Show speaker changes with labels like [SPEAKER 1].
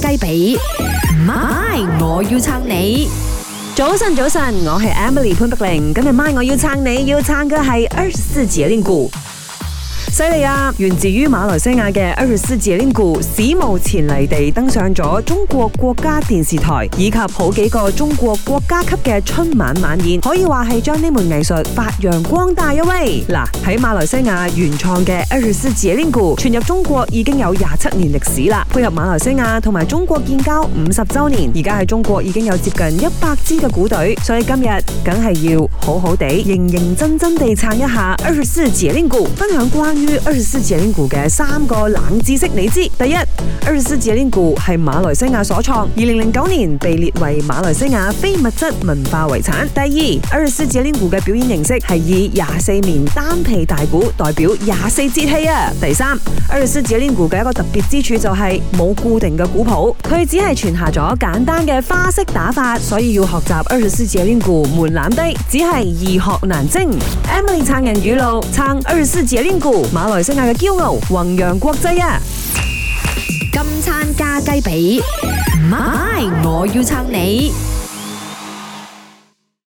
[SPEAKER 1] 雞髀，MY 我要撐你，早晨早晨，我係 Emily 潘碧玲，今日 MY 我要撐你要撐嘅係二十四節令鼓。犀利啊！源自於馬來西亞嘅二十四節令鼓史無前例地登上咗中國國家電視台以及好幾個中國國家級嘅春晚晚宴，可以話係將呢門藝術發揚光大。一位嗱喺馬來西亞原創嘅二十四節令鼓傳入中國已經有廿七年歷史啦，配合馬來西亞同埋中國建交五十周年，而家喺中國已經有接近一百支嘅鼓隊，所以今日梗係要好好地、認認真真地撐一下二十四節令鼓，分享關。於二十四節令鼓嘅三個冷知識，你知，第一，二十四節令鼓係馬來西亞所創，二零零九年被列為馬來西亞非物質文化遺產。第二，二十四節令鼓嘅表演形式係以廿四面單皮大鼓代表廿四節氣啊。第三，二十四節令鼓嘅一個特別之處就係冇固定嘅鼓譜，佢只係傳下咗簡單嘅花式打法，所以要學習二十四節令鼓門檻低，只係易學難精 em。Emily 撐人語錄撐二十四節令鼓。馬來西亞嘅驕傲弘揚國際啊！今餐加雞髀，唔係我要撐你。